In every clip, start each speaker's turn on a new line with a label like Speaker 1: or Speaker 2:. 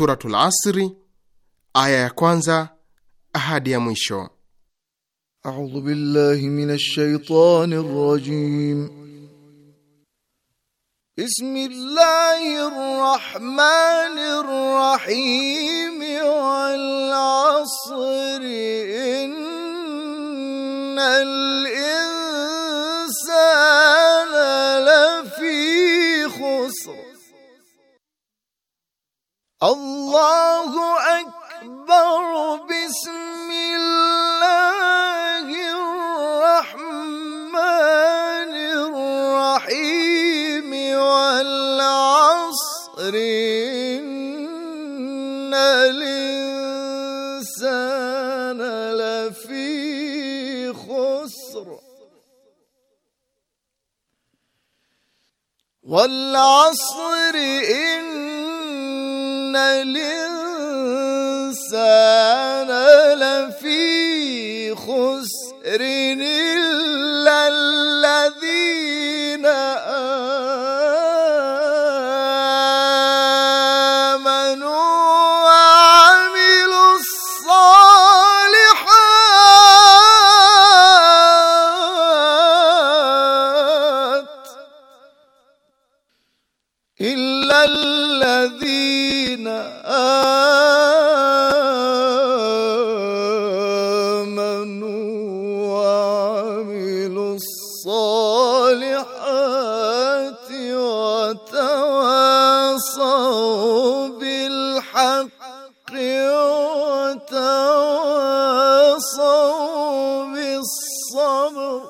Speaker 1: Suratul Asri aya ya kwanza hadi ya mwisho. A'udhu
Speaker 2: billahi minash shaitanir rajim. Bismillahir rahmanir rahim. Wal 'asri innal الله أكبر بسم الله الرحمن الرحيم والعصر إن الإنسان لفي خسر والعصر إن الإنسان لفي خسر إلا وتواصوا بالحق وتواصوا بالصبر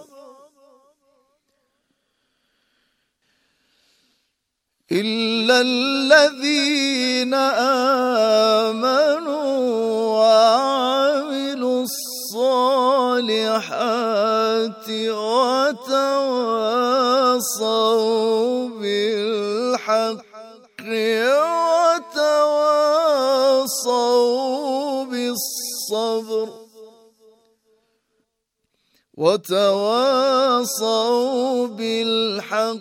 Speaker 2: إلا الذين آمنوا وعملوا الصالحات وتواصوا الصبر وتواصوا بالحق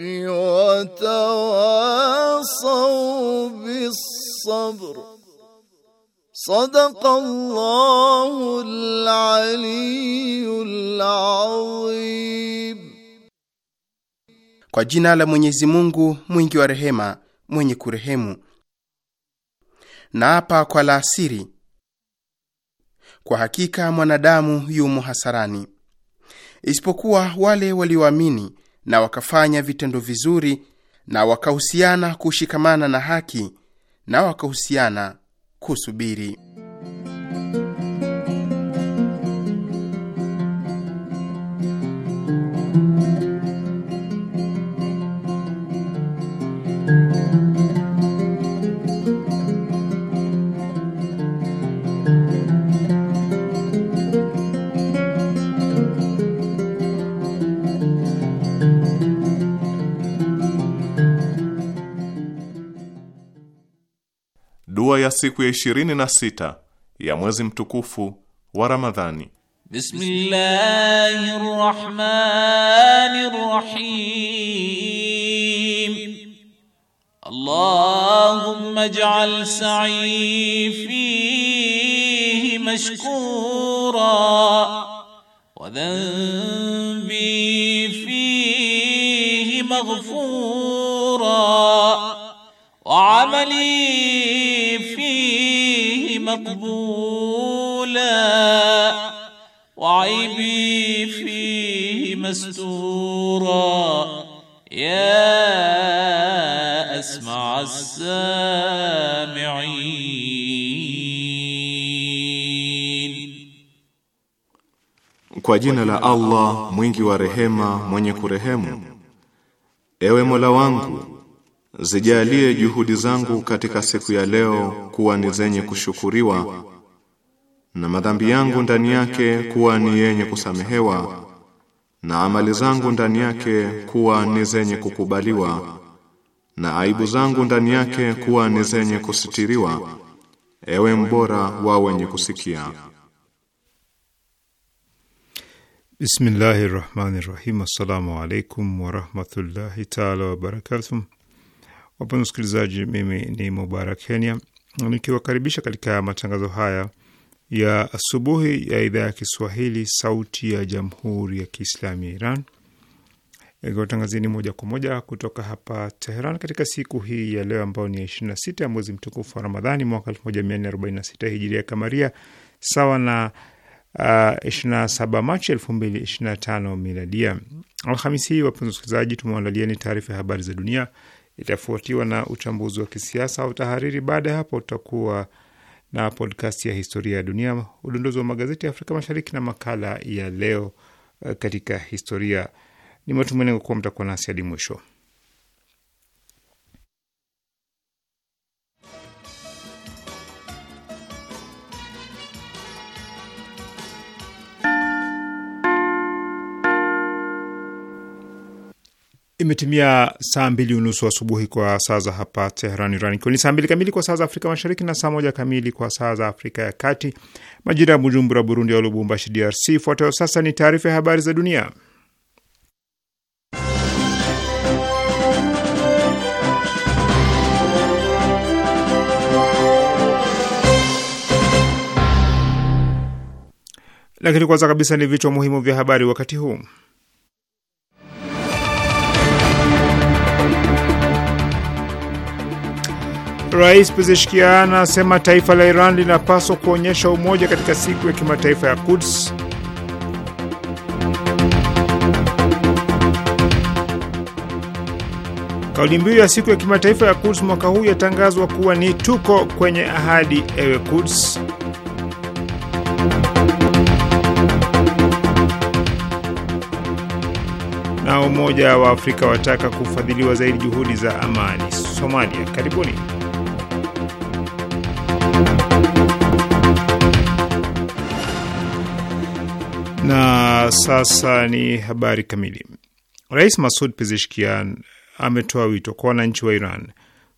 Speaker 2: وتواصوا بالصبر صدق الله العلي
Speaker 1: العظيم Kwa jina la Mwenyezi Mungu mwingi wa rehema mwenye kurehemu. na Naapa kwa laasiri kwa hakika mwanadamu yumo hasarani, isipokuwa wale walioamini na wakafanya vitendo vizuri na wakahusiana kushikamana na haki na wakahusiana kusubiri. siku ya 26 ya mwezi mtukufu wa Ramadhani.
Speaker 2: Bismillahir Rahmanir Rahim.
Speaker 3: Allahumma
Speaker 2: ij'al sa'i fihi mashkura wa dhanbi fihi maghfura wa amali مقبولا وعيبي فيه مستورا يا اسمع السامعين
Speaker 1: Kwa jina la Allah mwingi wa rehema mwenye kurehemu, ewe Mola wangu zijalie juhudi zangu katika siku ya leo kuwa ni zenye kushukuriwa na madhambi yangu ndani yake kuwa ni yenye kusamehewa na amali zangu ndani yake kuwa ni zenye kukubaliwa na aibu zangu ndani yake kuwa ni zenye kusitiriwa ewe mbora wa wenye kusikia
Speaker 4: Bismillahirrahmanirrahim. Assalamu alaykum wa rahmatullahi ta'ala wa barakatuh. Wapenzi wasikilizaji, mimi ni Mubarak Kenya nikiwakaribisha katika matangazo haya ya asubuhi ya idhaa ya Kiswahili sauti ya jamhuri ya Kiislamu ya Iran yakiwatangazieni moja kwa moja kutoka hapa Teheran katika siku hii ya leo ambayo ni ya 26 ya mwezi mtukufu wa Ramadhani mwaka 1446 hijiria kamaria sawa na uh, saba Machi tano miladia. Alhamisi hii, wapenzi wasikilizaji, tumewaandalieni taarifa ya habari za dunia itafuatiwa na uchambuzi wa kisiasa au tahariri. Baada ya hapo, tutakuwa na podcast ya historia ya dunia, udondozi wa magazeti ya Afrika Mashariki na makala ya leo eh, katika historia. Ni matumaini yangu kuwa mtakuwa nasi hadi mwisho. Imetimia saa mbili unusu asubuhi kwa saa za hapa Teheran, Iran, ikiwa ni saa mbili kamili kwa saa za Afrika Mashariki na saa moja kamili kwa saa za Afrika ya Kati, majira ya Bujumbura, Burundi, au Lubumbashi, DRC. Ifuatayo sasa ni taarifa ya habari za dunia, lakini kwanza kabisa ni vichwa muhimu vya habari wakati huu. Rais Pezeshkian anasema taifa la Iran linapaswa kuonyesha umoja katika siku ya kimataifa ya Quds. Kauli mbiu ya siku ya kimataifa ya Quds mwaka huu yatangazwa kuwa ni tuko kwenye ahadi, ewe Quds. na Umoja wa Afrika wataka kufadhiliwa zaidi juhudi za amani Somalia. Karibuni. Na sasa ni habari kamili. Rais Masud Pezeshkian ametoa wito kwa wananchi wa Iran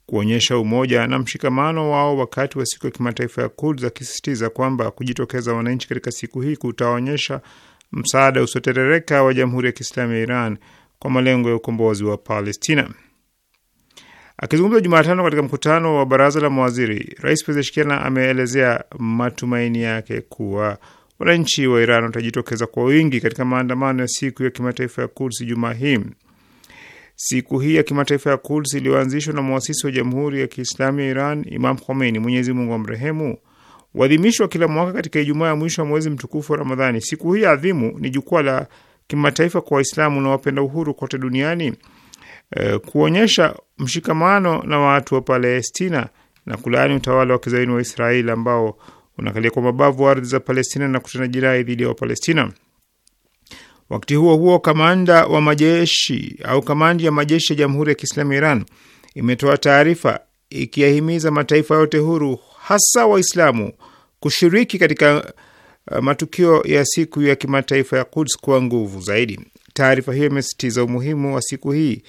Speaker 4: kuonyesha umoja na mshikamano wao wakati wa siku ya kimataifa ya Kuds, akisisitiza kwamba kujitokeza wananchi katika siku hii kutaonyesha msaada usiotetereka wa Jamhuri ya Kiislamu ya Iran kwa malengo ya ukombozi wa Palestina. Akizungumza Jumatano katika mkutano wa baraza la mawaziri, Rais Pezeshkian ameelezea matumaini yake kuwa wananchi wa Iran watajitokeza kwa wingi katika maandamano ya siku ya kimataifa ya Quds Jumaa hii. Siku hii ya kimataifa ya Quds iliyoanzishwa na mwasisi wa Jamhuri ya Kiislamu ya Iran, Imam Khomeini, Mwenyezi Mungu amrehemu, huadhimishwa kila mwaka katika Ijumaa ya mwisho wa mwezi mtukufu wa Ramadhani. Siku hii adhimu ni jukwaa la kimataifa kwa Waislamu na wapenda uhuru kote duniani e, kuonyesha mshikamano na watu wa Palestina na kulaani utawala wa kizaini wa Israeli ambao unakalia kwa mabavu ardhi za Palestina na kutenda jinai dhidi ya Wapalestina. Wakati huo huo, kamanda wa majeshi au kamandi ya majeshi ya Jamhuri ya Kiislamu ya Iran imetoa taarifa ikiyahimiza mataifa yote huru hasa Waislamu kushiriki katika uh, matukio ya siku ya kimataifa ya Quds kwa nguvu zaidi. Taarifa hiyo imesisitiza umuhimu wa siku hii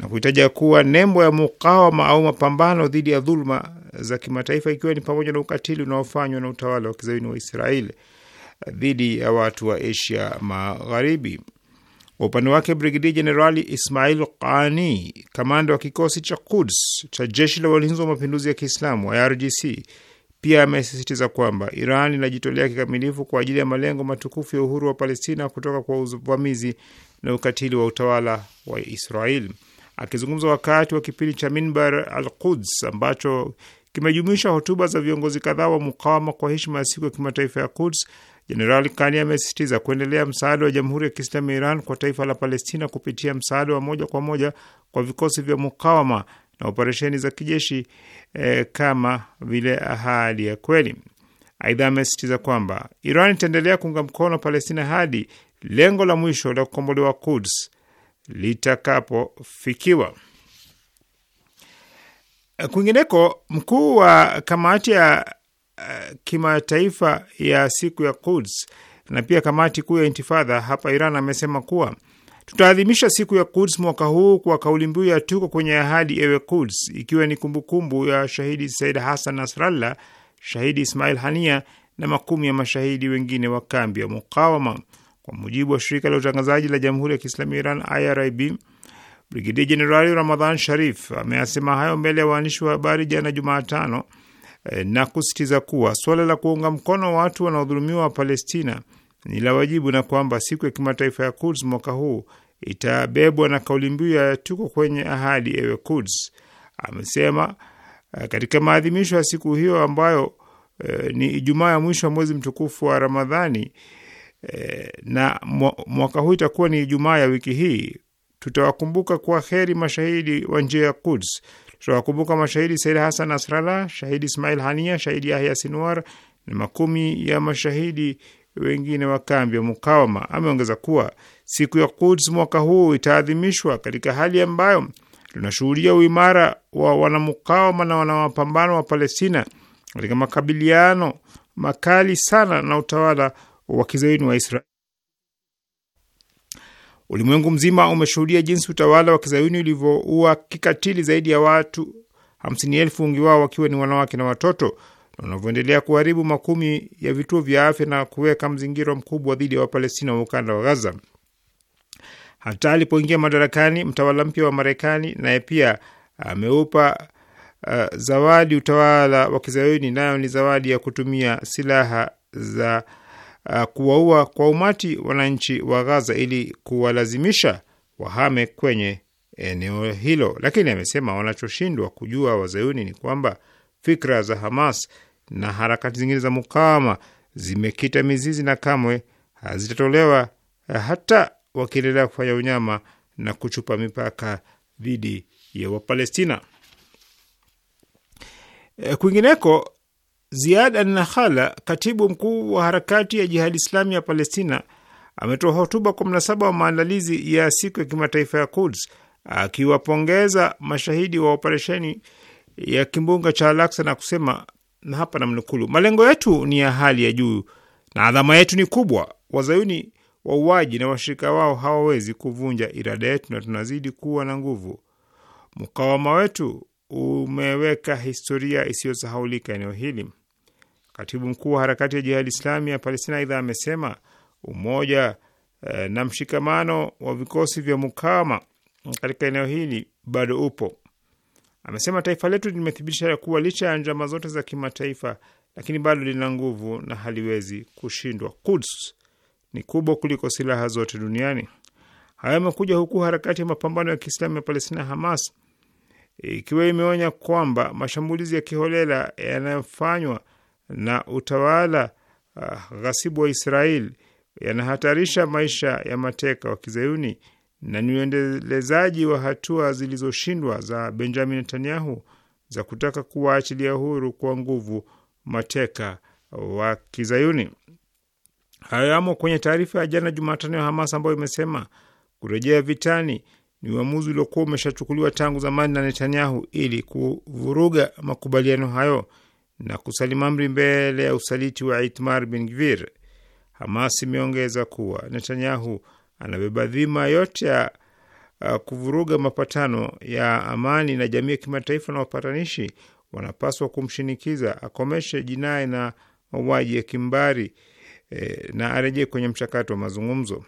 Speaker 4: na kuhitaja kuwa nembo ya mukawama au mapambano dhidi ya dhuluma za kimataifa ikiwa ni pamoja na ukatili unaofanywa na utawala wa kizayuni wa israel dhidi ya watu wa Asia Magharibi. Kwa upande wake, Brigedia Jenerali Ismail Qani, kamanda wa kikosi cha Quds cha jeshi la walinzi wa mapinduzi ya Kiislamu IRGC, pia amesisitiza kwamba Iran inajitolea kikamilifu kwa ajili ya malengo matukufu ya uhuru wa Palestina kutoka kwa uvamizi na ukatili wa utawala wa Israel. Akizungumza wakati wa kipindi cha Minbar al Quds ambacho kimejumuisha hotuba za viongozi kadhaa wa mukawama kwa heshima ya siku ya kimataifa ya Quds. Jenerali Kani amesisitiza kuendelea msaada wa Jamhuri ya Kiislamu ya Iran kwa taifa la Palestina kupitia msaada wa moja kwa moja kwa vikosi vya mukawama na operesheni za kijeshi eh, kama vile ahadi ya kweli. Aidha, amesisitiza kwamba Iran itaendelea kuunga mkono Palestina hadi lengo la mwisho la kukombolewa Quds litakapofikiwa. Kwingineko, mkuu wa kamati ya uh, kimataifa ya siku ya Quds na pia kamati kuu ya intifadha hapa Iran amesema kuwa tutaadhimisha siku ya Quds mwaka huu kwa kauli mbiu ya tuko kwenye ahadi, ewe Quds, ikiwa ni kumbukumbu kumbu ya shahidi Said Hassan Nasrallah, shahidi Ismail Hania na makumi ya mashahidi wengine wa kambi ya Mukawama. Kwa mujibu wa shirika la utangazaji la Jamhuri ya Kiislamu ya Iran, IRIB, Brigedia Jenerali Ramadhan Sharif ameyasema hayo mbele ya waandishi wa habari jana Jumatano eh, na kusisitiza kuwa suala la kuunga mkono watu wanaodhulumiwa wa Palestina ni la wajibu na kwamba siku ya kimataifa ya Quds mwaka huu itabebwa na kauli mbiu ya tuko kwenye ahadi, ewe Quds. Amesema eh, katika maadhimisho ya siku hiyo ambayo e, ni Ijumaa ya mwisho wa mwezi mtukufu wa Ramadhani e, na mwaka huu itakuwa ni Ijumaa ya wiki hii Tutawakumbuka kwa heri mashahidi wa njia ya Quds. Tutawakumbuka mashahidi Said Hassan Nasrallah, shahidi Ismail Hania, shahidi Yahya Sinwar na makumi ya mashahidi wengine wa kambi ya Mukawama. Ameongeza kuwa siku ya Quds mwaka huu itaadhimishwa katika hali ambayo tunashuhudia uimara wa wanamukawama na wanamapambano wa Palestina katika makabiliano makali sana na utawala wa kizaini wa Israel. Ulimwengu mzima umeshuhudia jinsi utawala wa kizayuni ulivyoua kikatili zaidi ya watu 50,000 wengi wao wakiwa ni wanawake na watoto, na unavyoendelea kuharibu makumi ya vituo vya afya na kuweka mzingiro mkubwa dhidi ya Wapalestina wa ukanda wa Gaza. Hata alipoingia madarakani mtawala mpya wa Marekani naye pia ameupa uh, zawadi utawala wa kizayuni, nayo ni zawadi ya kutumia silaha za uh, kuwaua kwa umati wananchi wa Gaza ili kuwalazimisha wahame kwenye eneo hilo, lakini amesema wanachoshindwa kujua wazayuni ni kwamba fikra za Hamas na harakati zingine za mukawama zimekita mizizi na kamwe hazitatolewa uh, hata wakiendelea kufanya unyama na kuchupa mipaka dhidi ya Wapalestina. Uh, kwingineko, Ziad Annakhala, katibu mkuu wa harakati ya Jihadi Islami ya Palestina, ametoa hotuba kwa mnasaba wa maandalizi ya siku ya kimataifa ya Quds akiwapongeza mashahidi wa operesheni ya kimbunga cha Al-Aqsa na kusema, na hapa namnukulu, malengo yetu ni ya hali ya juu na adhama yetu ni kubwa. Wazayuni wauaji na washirika wao hawawezi kuvunja irada yetu, na tunazidi kuwa na nguvu. Mkawama wetu umeweka historia isiyosahaulika eneo hili. Katibu mkuu wa harakati ya Jihadi Islami ya Palestina aidha amesema umoja e, na mshikamano wa vikosi vya mukawama katika eneo hili bado upo. Amesema taifa letu limethibitisha kuwa licha ya njama zote za kimataifa, lakini bado lina nguvu na haliwezi kushindwa. Quds ni kubwa kuliko silaha zote duniani. Hayo yamekuja huku harakati ya mapambano ya Kiislamu ya Palestina Hamas ikiwa imeonya kwamba mashambulizi ya kiholela yanayofanywa na utawala uh, ghasibu wa Israel yanahatarisha maisha ya mateka wa kizayuni na ni uendelezaji wa hatua zilizoshindwa za Benjamin Netanyahu za kutaka kuwaachilia huru kwa nguvu mateka wa kizayuni. Hayo yamo kwenye taarifa ya jana Jumatano ya Hamas ambayo imesema kurejea vitani ni uamuzi uliokuwa umeshachukuliwa tangu zamani na Netanyahu ili kuvuruga makubaliano hayo na kusalimu amri mbele ya usaliti wa Itmar bin Gvir. Hamas imeongeza kuwa Netanyahu anabeba dhima yote ya uh, kuvuruga mapatano ya amani na jamii ya kimataifa na wapatanishi wanapaswa kumshinikiza akomeshe jinai na mauaji ya kimbari e, na arejee kwenye mchakato wa mazungumzo.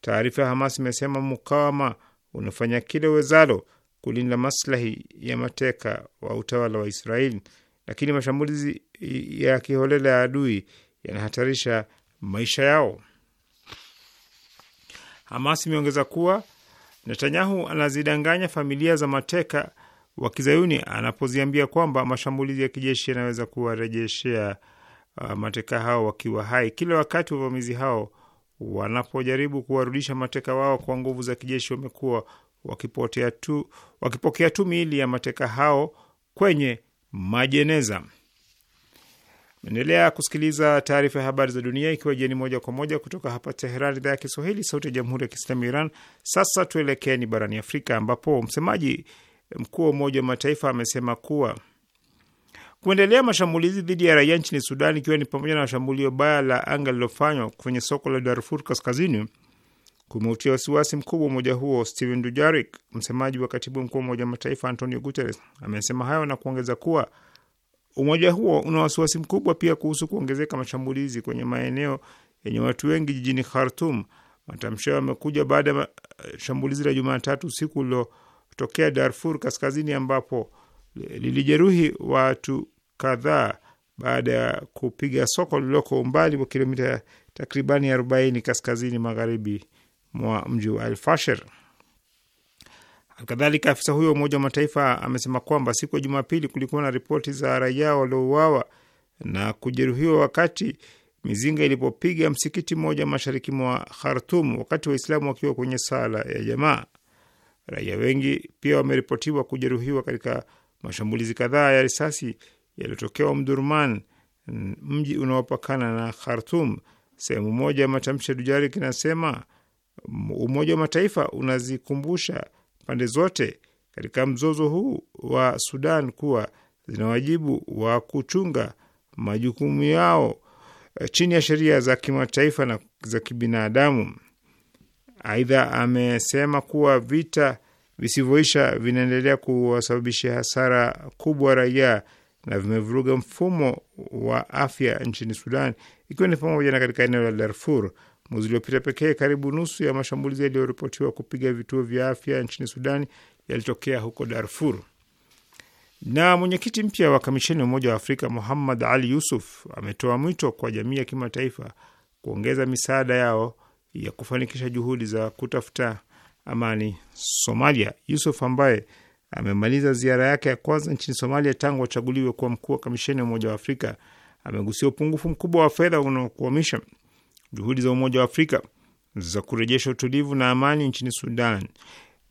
Speaker 4: Taarifa ya Hamas imesema mukawama unafanya kile wezalo kulinda maslahi ya mateka wa utawala wa Israeli lakini mashambulizi ya kiholela ya adui yanahatarisha maisha yao. Hamas imeongeza kuwa Netanyahu anazidanganya familia za mateka wa kizayuni anapoziambia kwamba mashambulizi ya kijeshi yanaweza kuwarejeshea uh, mateka hao wakiwa hai, kila wakati wavamizi hao wanapojaribu kuwarudisha mateka wao kwa nguvu za kijeshi, wamekuwa wakipokea tu miili ya mateka hao kwenye majeneza. Naendelea kusikiliza taarifa ya habari za dunia ikiwa jieni moja kwa moja kutoka hapa Teheran, idhaa ya Kiswahili, sauti ya jamhuri ya kiislamu ya Iran. Sasa tuelekeeni barani Afrika, ambapo msemaji mkuu wa Umoja wa Mataifa amesema kuwa kuendelea mashambulizi dhidi ya raia nchini Sudan, ikiwa ni pamoja na shambulio baya la anga lilofanywa kwenye soko la Darfur kaskazini kumeutia wasiwasi mkubwa umoja huo. Steven Dujarik, msemaji wa katibu mkuu wa Umoja wa Mataifa Antonio Guterres, amesema hayo na kuongeza kuwa umoja huo una wasiwasi mkubwa pia kuhusu kuongezeka mashambulizi kwenye maeneo yenye watu wengi jijini Khartum. Matamshi hayo yamekuja baada ya shambulizi la Jumatatu usiku lilotokea Darfur Kaskazini, ambapo lilijeruhi watu kadhaa baada ya kupiga soko lililoko umbali wa kilomita takribani 40 kaskazini magharibi mwa mji wa Alfashir. Kadhalika, afisa huyo wa Umoja wa Mataifa amesema kwamba siku ya Jumapili kulikuwa na ripoti za raia waliouawa na kujeruhiwa wakati mizinga ilipopiga msikiti mmoja mashariki mwa Khartum wakati Waislamu wakiwa kwenye sala ya jamaa. Raia wengi pia wameripotiwa kujeruhiwa katika mashambulizi kadhaa ya risasi yaliyotokewa Mdurman, mji unaopakana na Khartum. Sehemu moja ya matamshi ya Dujari kinasema Umoja wa Mataifa unazikumbusha pande zote katika mzozo huu wa Sudan kuwa zina wajibu wa kuchunga majukumu yao eh, chini ya sheria za kimataifa na za kibinadamu. Aidha, amesema kuwa vita visivyoisha vinaendelea kuwasababishia hasara kubwa raia na vimevuruga mfumo wa afya nchini Sudan, ikiwa ni pamoja na katika eneo la Darfur Mwezi uliopita pekee, karibu nusu ya mashambulizi yaliyoripotiwa kupiga vituo vya afya nchini Sudani yalitokea huko Darfur. Na mwenyekiti mpya wa kamisheni ya Umoja wa Afrika Muhammad Ali Yusuf ametoa mwito kwa jamii ya kimataifa kuongeza misaada yao ya kufanikisha juhudi za kutafuta amani Somalia. Yusuf ambaye amemaliza ziara yake ya kwanza nchini Somalia tangu achaguliwe kuwa mkuu wa kamisheni ya Umoja wa Afrika amegusia upungufu mkubwa wa fedha unaokwamisha juhudi za Umoja wa Afrika za kurejesha utulivu na amani nchini Sudan,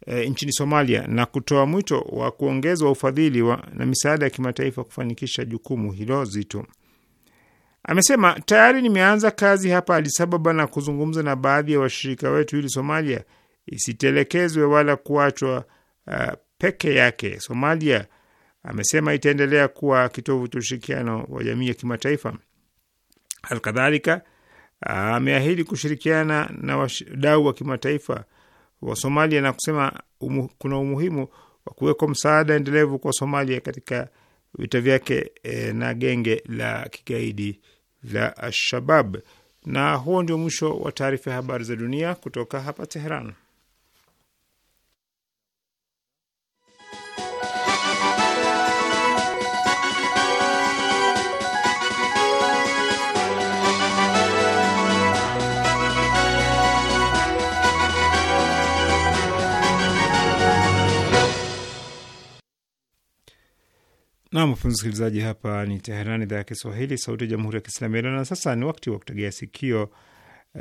Speaker 4: e, nchini Somalia na kutoa mwito wa kuongezwa ufadhili wa, na misaada ya kimataifa kufanikisha jukumu hilo zito. Amesema tayari nimeanza kazi hapa Addis Ababa na kuzungumza na baadhi ya wa washirika wetu ili Somalia isitelekezwe wala kuachwa uh, peke yake. Somalia, amesema, itaendelea kuwa kitovu cha ushirikiano wa jamii ya kimataifa. Halikadhalika ameahidi kushirikiana na wadau wa kimataifa wa Somalia na kusema umu, kuna umuhimu wa kuwekwa msaada endelevu kwa Somalia katika vita vyake e, na genge la kigaidi la Alshabab. Na huo ndio mwisho wa taarifa ya habari za dunia kutoka hapa Teheran. Na wapenzi msikilizaji, hapa ni Teheran, idhaa ya Kiswahili, sauti ya jamhuri ya kiislamu ya Iran. Na sasa ni wakati wa kutegea sikio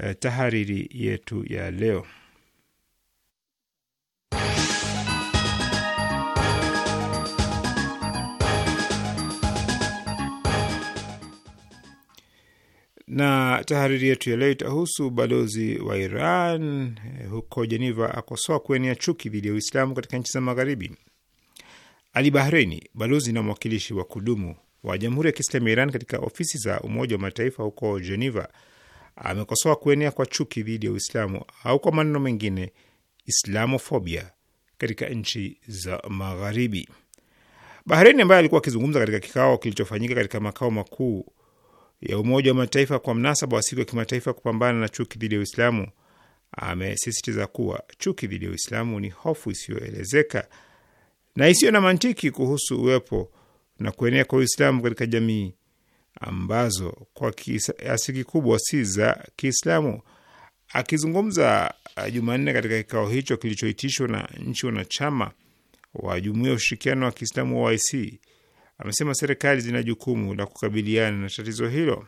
Speaker 4: eh, tahariri yetu ya leo. Na tahariri yetu ya leo itahusu balozi wa Iran eh, huko Jeneva akosoa kuenea chuki dhidi ya Uislamu katika nchi za Magharibi. Ali Bahreini, balozi na mwakilishi wa kudumu wa Jamhuri ya Kiislamu ya Iran katika ofisi za Umoja wa Mataifa huko Geneva, amekosoa kuenea kwa chuki dhidi ya Uislamu au kwa maneno mengine islamofobia katika nchi za Magharibi. Bahreini ambaye alikuwa akizungumza katika kikao kilichofanyika katika makao makuu ya Umoja wa Mataifa kwa mnasaba wa siku ya kimataifa kupambana na chuki dhidi ya Uislamu amesisitiza kuwa chuki dhidi ya Uislamu ni hofu isiyoelezeka na isiyo na mantiki kuhusu uwepo na kuenea kwa Uislamu katika jamii ambazo kwa kiasi kikubwa si za Kiislamu. Akizungumza uh, Jumanne katika kikao hicho kilichoitishwa na nchi wanachama wa Jumuiya ya Ushirikiano wa Kiislamu wa OIC, amesema serikali zina jukumu la kukabiliana na tatizo hilo.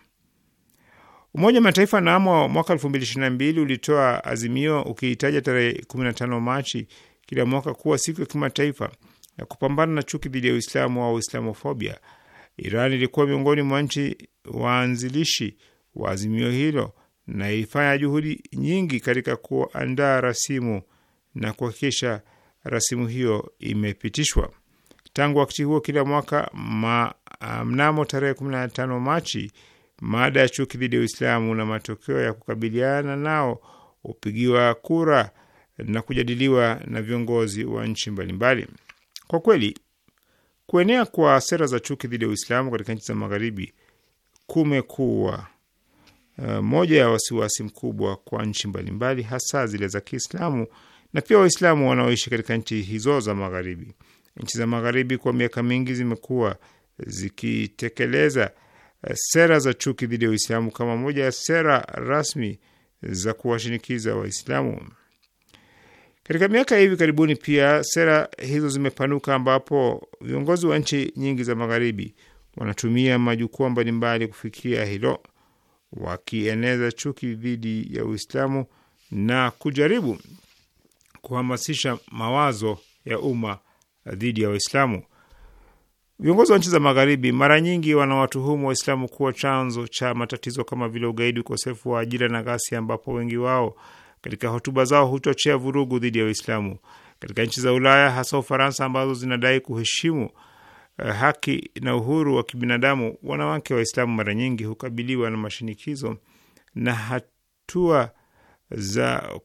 Speaker 4: Umoja wa Mataifa namo mwaka 2022 ulitoa azimio ukiitaja tarehe 15 Machi kila mwaka kuwa siku ya kimataifa ya kupambana na chuki dhidi ya Uislamu au Islamofobia. Iran ilikuwa miongoni mwa nchi waanzilishi wa azimio hilo na ilifanya juhudi nyingi katika kuandaa rasimu na kuhakikisha rasimu hiyo imepitishwa. Tangu wakati huo, kila mwaka ma, ah, mnamo tarehe 15 Machi, maada ya chuki dhidi ya Uislamu na matokeo ya kukabiliana nao hupigiwa kura na kujadiliwa na viongozi wa nchi mbalimbali mbali. Kwa kweli kuenea kwa sera za chuki dhidi ya Uislamu katika nchi za Magharibi kumekuwa uh, moja ya wasiwasi mkubwa kwa nchi mbalimbali, hasa zile za Kiislamu na pia Waislamu wanaoishi katika nchi hizo za Magharibi. Nchi za Magharibi kwa miaka mingi zimekuwa zikitekeleza eh, sera za chuki dhidi ya Uislamu kama moja ya sera rasmi za kuwashinikiza Waislamu. Katika miaka ya hivi karibuni pia sera hizo zimepanuka, ambapo viongozi wa nchi nyingi za magharibi wanatumia majukwaa mbalimbali kufikia hilo, wakieneza chuki dhidi ya Uislamu na kujaribu kuhamasisha mawazo ya umma dhidi ya Waislamu. Viongozi wa nchi za magharibi mara nyingi wanawatuhumu Waislamu kuwa chanzo cha matatizo kama vile ugaidi, ukosefu wa ajira na ghasia, ambapo wengi wao katika hotuba zao huchochea vurugu dhidi ya Waislamu katika nchi za Ulaya, hasa Ufaransa, ambazo zinadai kuheshimu eh, haki na uhuru wa kibinadamu. Wanawake Waislamu mara nyingi hukabiliwa na mashinikizo na hatua za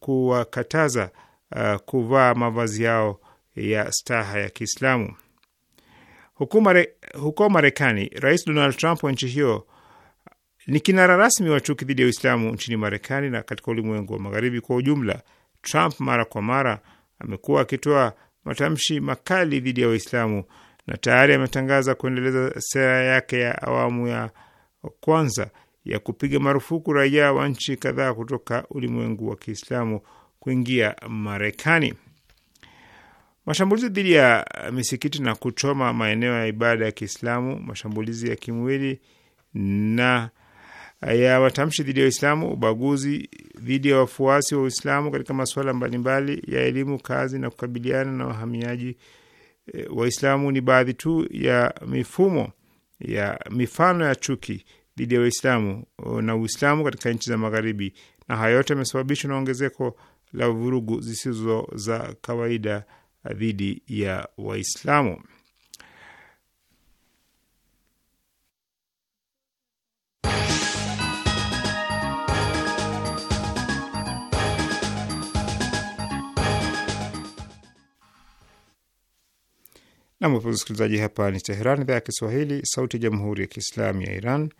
Speaker 4: kuwakataza uh, kuvaa mavazi yao ya staha ya Kiislamu. Huko Marekani, Rais Donald Trump wa nchi hiyo ni kinara rasmi wa chuki dhidi ya Uislamu nchini Marekani na katika ulimwengu wa magharibi kwa ujumla. Trump mara kwa mara amekuwa akitoa matamshi makali dhidi ya Waislamu na tayari ametangaza kuendeleza sera yake ya awamu ya kwanza ya kupiga marufuku raia wa nchi kadhaa kutoka ulimwengu wa Kiislamu kuingia Marekani. Mashambulizi dhidi ya misikiti na kuchoma maeneo ya ibada ya Kiislamu, mashambulizi ya kimwili na ya matamshi dhidi ya Waislamu, ubaguzi dhidi ya wafuasi wa Uislamu katika masuala mbalimbali ya elimu, kazi na kukabiliana na wahamiaji e, Waislamu ni baadhi tu ya mifumo ya mifano ya chuki dhidi ya Waislamu na Uislamu katika nchi za Magharibi, na haya yote yamesababishwa na ongezeko la vurugu zisizo za kawaida dhidi ya Waislamu. Nam wapenzi msikilizaji, hapa ni Teheran, idhaa ya Kiswahili, sauti ya jamhuri ya kiislamu ya Iran.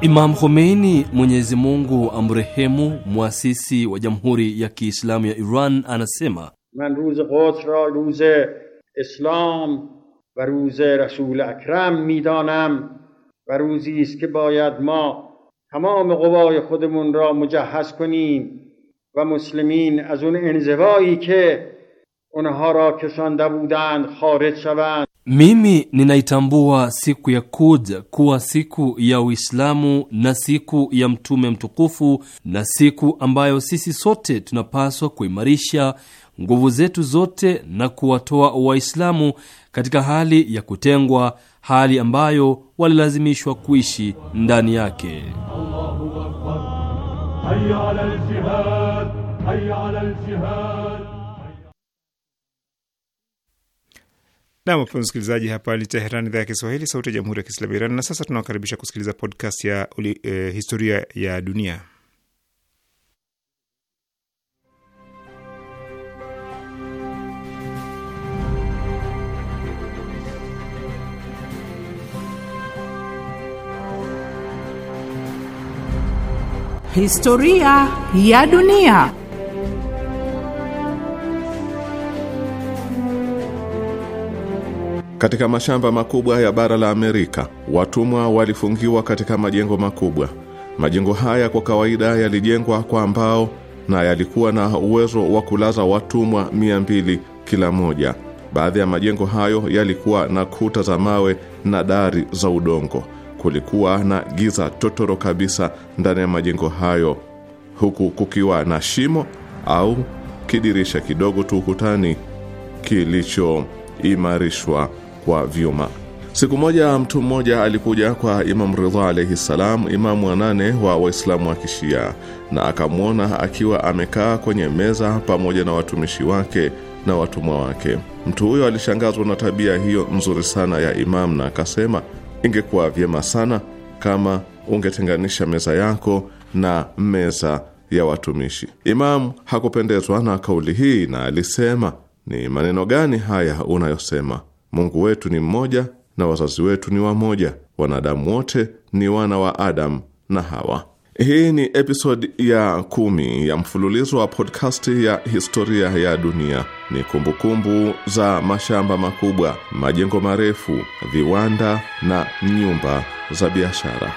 Speaker 1: Imam Khomeini, Mwenyezi Mungu amrehemu, mwasisi wa jamhuri ya kiislamu ya Iran, anasema
Speaker 3: na ruze Quds ruze Islam و روز رسول اکرم میدانم و روزی است که باید ما تمام قوای خودمون را مجهز کنیم و مسلمین از اون انزوایی که اونها را کشانده بودند خارج شوند
Speaker 1: mimi ninaitambua siku ya Kud kuwa siku ya Uislamu na siku ya mtume mtukufu na siku ambayo sisi sote tunapaswa kuimarisha nguvu zetu zote na kuwatoa Waislamu katika hali ya kutengwa, hali ambayo walilazimishwa kuishi ndani yake.
Speaker 4: Nam, pe msikilizaji, hapa ni Teheran, idhaa ya Kiswahili, sauti ya jamhuri ya kiislamu Iran. Na sasa tunawakaribisha kusikiliza podcast ya uli, eh, historia ya dunia
Speaker 3: Historia ya dunia.
Speaker 1: Katika mashamba makubwa ya bara la Amerika, watumwa walifungiwa katika majengo makubwa. Majengo haya kwa kawaida yalijengwa kwa mbao na yalikuwa na uwezo wa kulaza watumwa mia mbili kila moja. Baadhi ya majengo hayo yalikuwa na kuta za mawe na dari za udongo kulikuwa na giza totoro kabisa ndani ya majengo hayo, huku kukiwa na shimo au kidirisha kidogo tu ukutani kilichoimarishwa kwa vyuma. Siku moja mtu mmoja alikuja kwa Imamu Ridha alaihi ssalam imamu wa nane wa Waislamu wa Kishia, na akamwona akiwa amekaa kwenye meza pamoja na watumishi wake na watumwa wake. Mtu huyo alishangazwa na tabia hiyo nzuri sana ya Imamu na akasema Ingekuwa vyema sana kama ungetenganisha meza yako na meza ya watumishi. Imamu hakupendezwa na kauli hii na alisema, ni maneno gani haya unayosema? Mungu wetu ni mmoja na wazazi wetu ni wamoja, wanadamu wote ni wana wa Adamu na Hawa. Hii ni episodi ya kumi ya mfululizo wa podkasti ya historia ya dunia. Ni kumbukumbu kumbu za mashamba makubwa, majengo marefu, viwanda na nyumba za biashara.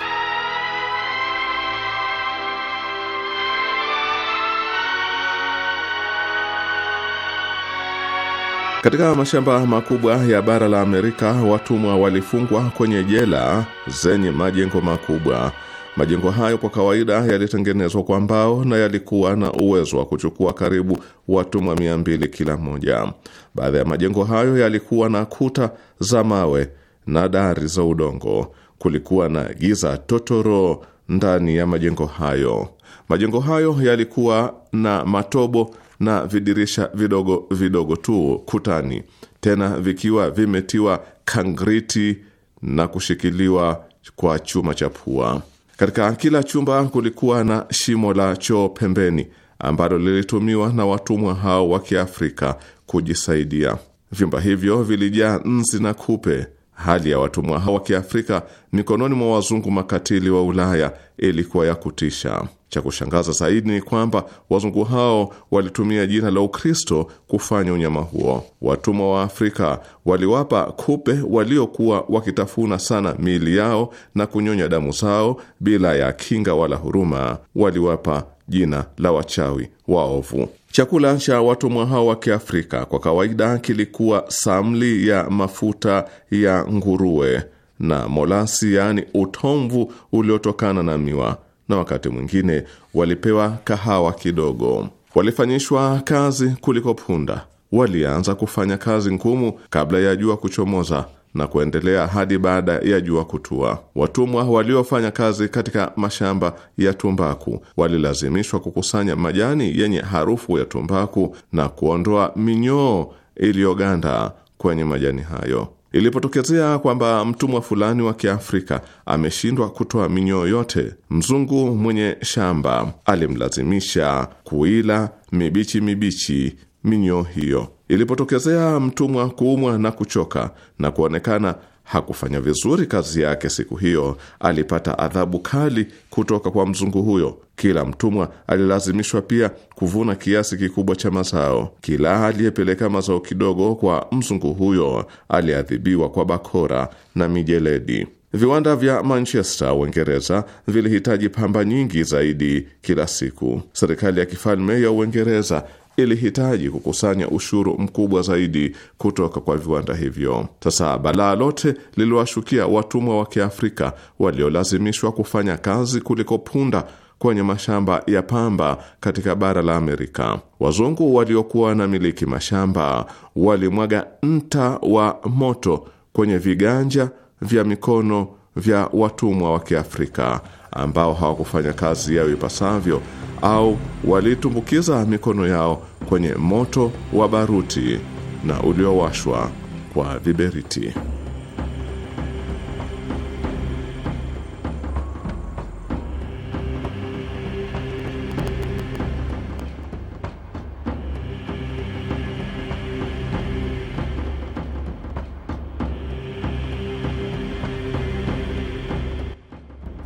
Speaker 1: Katika mashamba makubwa ya bara la Amerika, watumwa walifungwa kwenye jela zenye majengo makubwa Majengo hayo kwa kawaida yalitengenezwa kwa mbao na yalikuwa na uwezo wa kuchukua karibu watumwa mia mbili kila moja. Baadhi ya majengo hayo yalikuwa na kuta za mawe na dari za udongo. Kulikuwa na giza totoro ndani ya majengo hayo. Majengo hayo yalikuwa na matobo na vidirisha vidogo vidogo tu kutani, tena vikiwa vimetiwa kangriti na kushikiliwa kwa chuma cha pua. Katika kila chumba kulikuwa na shimo la choo pembeni ambalo lilitumiwa na watumwa hao wa Kiafrika kujisaidia. Vyumba hivyo vilijaa nzi na kupe. Hali ya watumwa hao wa Kiafrika mikononi mwa wazungu makatili wa Ulaya ilikuwa ya kutisha. Cha kushangaza zaidi ni kwamba wazungu hao walitumia jina la Ukristo kufanya unyama huo. Watumwa wa Afrika waliwapa kupe waliokuwa wakitafuna sana miili yao na kunyonya damu zao bila ya kinga wala huruma, waliwapa jina la wachawi waovu. Chakula cha watumwa hao wa Kiafrika kwa kawaida kilikuwa samli ya mafuta ya nguruwe na molasi, yaani utomvu uliotokana na miwa na wakati mwingine walipewa kahawa kidogo. Walifanyishwa kazi kuliko punda. Walianza kufanya kazi ngumu kabla ya jua kuchomoza na kuendelea hadi baada ya jua kutua. Watumwa waliofanya kazi katika mashamba ya tumbaku walilazimishwa kukusanya majani yenye harufu ya tumbaku na kuondoa minyoo iliyoganda kwenye majani hayo. Ilipotokezea kwamba mtumwa fulani wa Kiafrika ameshindwa kutoa minyoo yote, mzungu mwenye shamba alimlazimisha kuila mibichi mibichi minyoo hiyo. Ilipotokezea mtumwa kuumwa na kuchoka na kuonekana hakufanya vizuri kazi yake siku hiyo, alipata adhabu kali kutoka kwa mzungu huyo. Kila mtumwa alilazimishwa pia kuvuna kiasi kikubwa cha mazao. Kila aliyepeleka mazao kidogo kwa mzungu huyo aliadhibiwa kwa bakora na mijeledi. Viwanda vya Manchester, Uingereza, vilihitaji pamba nyingi zaidi kila siku. Serikali ya kifalme ya Uingereza ilihitaji kukusanya ushuru mkubwa zaidi kutoka kwa viwanda hivyo. Sasa balaa lote liliwashukia watumwa wa Kiafrika waliolazimishwa kufanya kazi kuliko punda kwenye mashamba ya pamba katika bara la Amerika. Wazungu waliokuwa na miliki mashamba walimwaga nta wa moto kwenye viganja vya mikono vya watumwa wa Kiafrika ambao hawakufanya kazi yao ipasavyo au waliitumbukiza mikono yao kwenye moto wa baruti na uliowashwa kwa viberiti.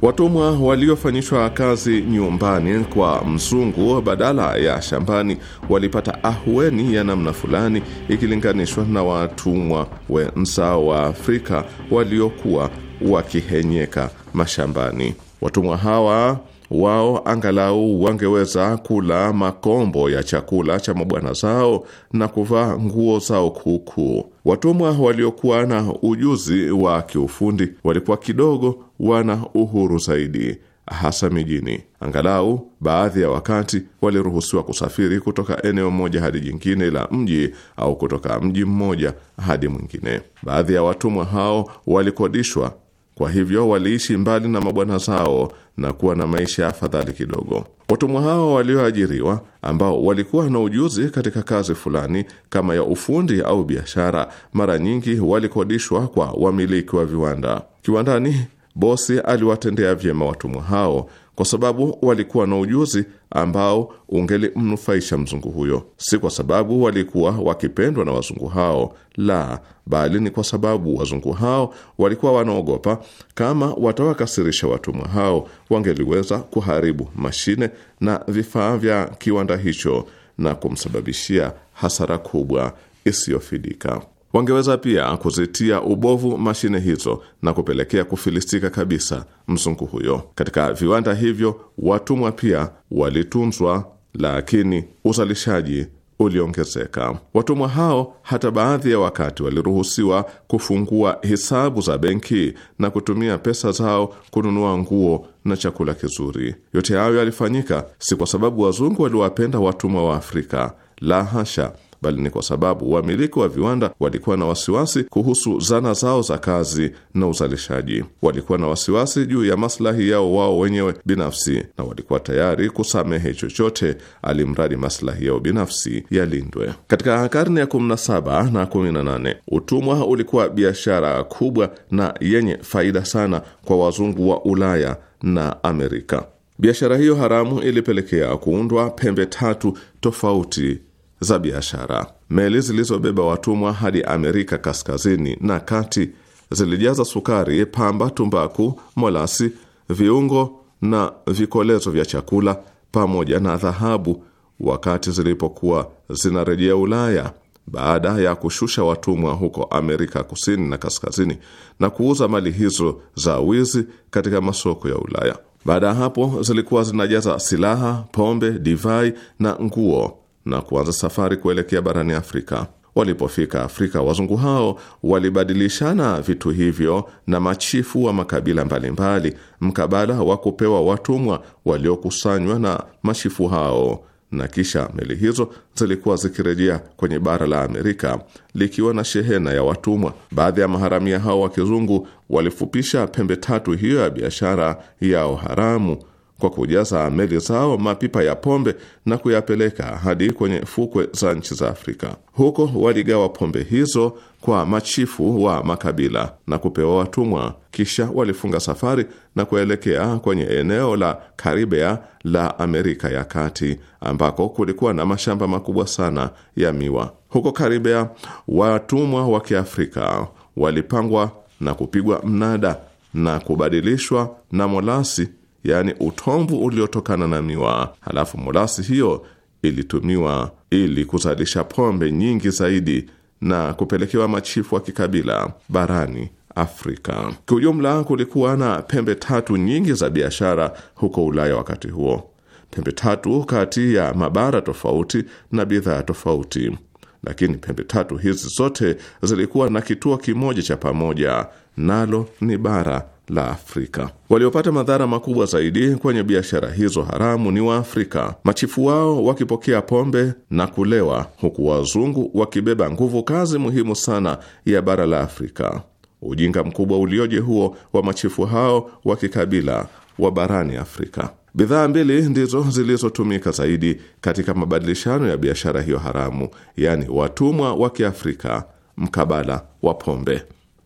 Speaker 1: Watumwa waliofanyishwa kazi nyumbani kwa mzungu badala ya shambani walipata ahueni ya namna fulani ikilinganishwa na watumwa wenzao wa Afrika waliokuwa wakihenyeka mashambani. Watumwa hawa wao angalau wangeweza kula makombo ya chakula cha mabwana zao na kuvaa nguo zao kuukuu. Watumwa waliokuwa na ujuzi wa kiufundi walikuwa kidogo wana uhuru zaidi, hasa mijini. Angalau baadhi ya wakati waliruhusiwa kusafiri kutoka eneo moja hadi jingine la mji au kutoka mji mmoja hadi mwingine. Baadhi ya watumwa hao walikodishwa, kwa hivyo waliishi mbali na mabwana zao na kuwa na maisha ya afadhali kidogo. Watumwa hao walioajiriwa ambao walikuwa na ujuzi katika kazi fulani kama ya ufundi au biashara, mara nyingi walikodishwa kwa wamiliki wa viwanda. Kiwandani, bosi aliwatendea vyema watumwa hao kwa sababu walikuwa na ujuzi ambao ungelimnufaisha mzungu huyo, si kwa sababu walikuwa wakipendwa na wazungu hao, la, bali ni kwa sababu wazungu hao walikuwa wanaogopa kama watawakasirisha watumwa hao, wangeliweza kuharibu mashine na vifaa vya kiwanda hicho na kumsababishia hasara kubwa isiyofidika. Wangeweza pia kuzitia ubovu mashine hizo na kupelekea kufilisika kabisa mzungu huyo. Katika viwanda hivyo watumwa pia walitunzwa, lakini uzalishaji uliongezeka. Watumwa hao hata baadhi ya wakati waliruhusiwa kufungua hisabu za benki na kutumia pesa zao kununua nguo na chakula kizuri. Yote hayo yalifanyika si kwa sababu wazungu waliwapenda watumwa wa Afrika, la hasha, bali ni kwa sababu wamiliki wa viwanda walikuwa na wasiwasi kuhusu zana zao za kazi na uzalishaji. Walikuwa na wasiwasi juu ya maslahi yao wao wenyewe binafsi, na walikuwa tayari kusamehe chochote, alimradi maslahi yao binafsi yalindwe. Katika karne ya 17 na 18, utumwa ulikuwa biashara kubwa na yenye faida sana kwa wazungu wa Ulaya na Amerika. Biashara hiyo haramu ilipelekea kuundwa pembe tatu tofauti za biashara. Meli zilizobeba watumwa hadi Amerika kaskazini na kati zilijaza sukari, pamba, tumbaku, molasi, viungo na vikolezo vya chakula pamoja na dhahabu, wakati zilipokuwa zinarejea Ulaya baada ya kushusha watumwa huko Amerika kusini na kaskazini na kuuza mali hizo za wizi katika masoko ya Ulaya. Baada ya hapo zilikuwa zinajaza silaha, pombe, divai na nguo na kuanza safari kuelekea barani Afrika. Walipofika Afrika, wazungu hao walibadilishana vitu hivyo na machifu wa makabila mbalimbali mbali, mkabala wa kupewa watumwa waliokusanywa na machifu hao, na kisha meli hizo zilikuwa zikirejea kwenye bara la Amerika likiwa na shehena ya watumwa. Baadhi ya maharamia hao wa kizungu walifupisha pembe tatu hiyo ya biashara yao haramu kwa kujaza meli zao mapipa ya pombe na kuyapeleka hadi kwenye fukwe za nchi za Afrika. Huko waligawa pombe hizo kwa machifu wa makabila na kupewa watumwa, kisha walifunga safari na kuelekea kwenye eneo la Karibea la Amerika ya Kati, ambako kulikuwa na mashamba makubwa sana ya miwa. Huko Karibea, watumwa wa Kiafrika walipangwa na kupigwa mnada na kubadilishwa na molasi yaani utomvu uliotokana na miwa. Halafu molasi hiyo ilitumiwa ili kuzalisha pombe nyingi zaidi na kupelekewa machifu wa kikabila barani Afrika. Kiujumla, kulikuwa na pembe tatu nyingi za biashara huko Ulaya wakati huo, pembe tatu kati ya mabara tofauti na bidhaa tofauti, lakini pembe tatu hizi zote zilikuwa na kituo kimoja cha pamoja, nalo ni bara la Afrika. Waliopata madhara makubwa zaidi kwenye biashara hizo haramu ni Waafrika, machifu wao wakipokea pombe na kulewa, huku wazungu wakibeba nguvu kazi muhimu sana ya bara la Afrika. Ujinga mkubwa ulioje huo wa machifu hao wa kikabila wa barani Afrika. Bidhaa mbili ndizo zilizotumika zaidi katika mabadilishano ya biashara hiyo haramu, yaani watumwa wa Kiafrika mkabala wa pombe.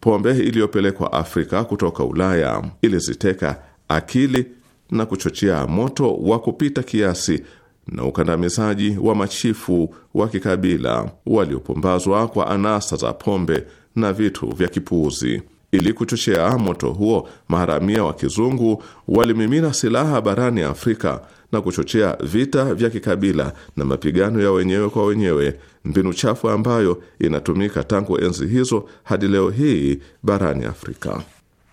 Speaker 1: Pombe iliyopelekwa Afrika kutoka Ulaya iliziteka akili na kuchochea moto wa kupita kiasi na ukandamizaji wa machifu wa kikabila waliopombazwa kwa anasa za pombe na vitu vya kipuuzi. Ili kuchochea moto huo, maharamia wa kizungu walimimina silaha barani Afrika na kuchochea vita vya kikabila na mapigano ya wenyewe kwa wenyewe, mbinu chafu ambayo inatumika tangu enzi hizo hadi leo hii barani Afrika.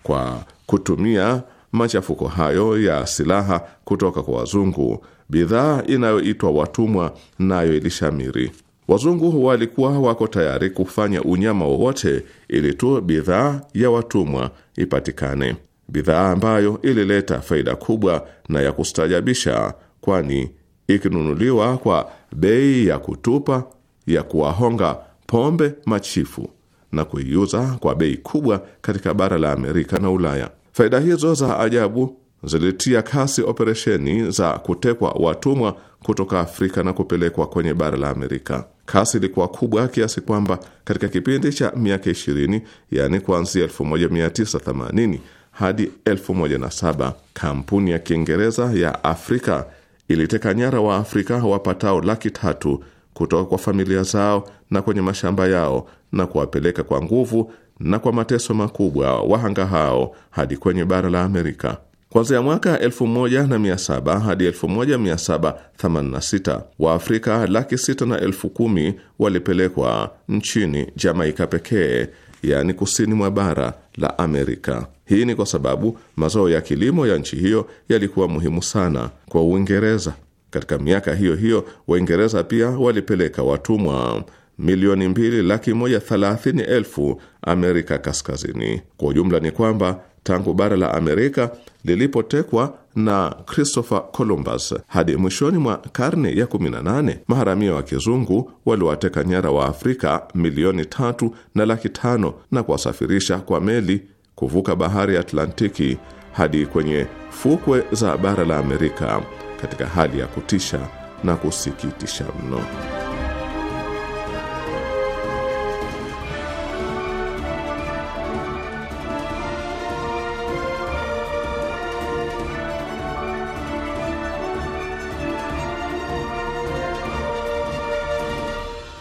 Speaker 1: Kwa kutumia machafuko hayo ya silaha kutoka kwa wazungu, bidhaa inayoitwa watumwa nayo ilishamiri. Wazungu walikuwa wako tayari kufanya unyama wowote ili tu bidhaa ya watumwa ipatikane bidhaa ambayo ilileta faida kubwa na ya kustajabisha, kwani ikinunuliwa kwa bei ya kutupa ya kuwahonga pombe machifu na kuiuza kwa bei kubwa katika bara la Amerika na Ulaya. Faida hizo za ajabu zilitia kasi operesheni za kutekwa watumwa kutoka Afrika na kupelekwa kwenye bara la Amerika. Kasi ilikuwa kubwa kiasi kwamba katika kipindi cha miaka 20 yaani kuanzia 1980 hadi 1007. Kampuni ya Kiingereza ya Afrika iliteka nyara wa Afrika wapatao laki tatu kutoka kwa familia zao na kwenye mashamba yao na kuwapeleka kwa nguvu na kwa mateso makubwa wahanga hao hadi kwenye bara la Amerika. ya mwaka 1700 hadi 1786 Waafrika laki sita na elfu kumi walipelekwa nchini Jamaika pekee yaani kusini mwa bara la Amerika. Hii ni kwa sababu mazao ya kilimo ya nchi hiyo yalikuwa muhimu sana kwa Uingereza. Katika miaka hiyo hiyo, Waingereza pia walipeleka watumwa milioni mbili laki moja thelathini elfu Amerika Kaskazini. Kwa ujumla ni kwamba tangu bara la Amerika lilipotekwa na Christopher Columbus hadi mwishoni mwa karne ya 18, maharamia wa kizungu waliwateka nyara wa Afrika milioni tatu na laki tano na kuwasafirisha kwa meli kuvuka bahari ya Atlantiki hadi kwenye fukwe za bara la Amerika katika hali ya kutisha na kusikitisha mno.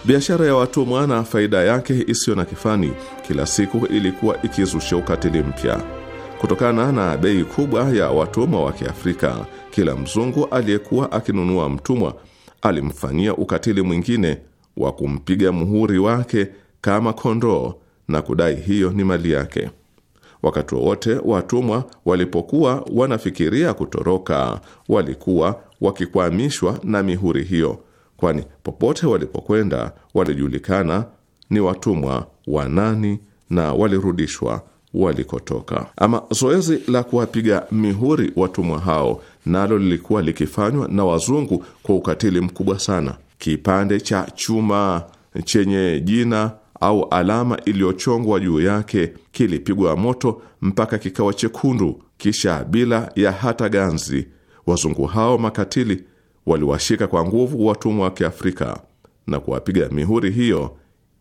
Speaker 1: Biashara ya watumwa na faida yake isiyo na kifani kila siku ilikuwa ikizusha ukatili mpya. Kutokana na bei kubwa ya watumwa wa Kiafrika, kila mzungu aliyekuwa akinunua mtumwa alimfanyia ukatili mwingine wa kumpiga muhuri wake kama kondoo na kudai hiyo ni mali yake. Wakati wowote watumwa walipokuwa wanafikiria kutoroka, walikuwa wakikwamishwa na mihuri hiyo kwani popote walipokwenda walijulikana ni watumwa wa nani na walirudishwa walikotoka. Ama zoezi la kuwapiga mihuri watumwa hao nalo lilikuwa likifanywa na wazungu kwa ukatili mkubwa sana. Kipande cha chuma chenye jina au alama iliyochongwa juu yake kilipigwa moto mpaka kikawa chekundu, kisha bila ya hata ganzi wazungu hao makatili waliwashika kwa nguvu watumwa wa Kiafrika na kuwapiga mihuri hiyo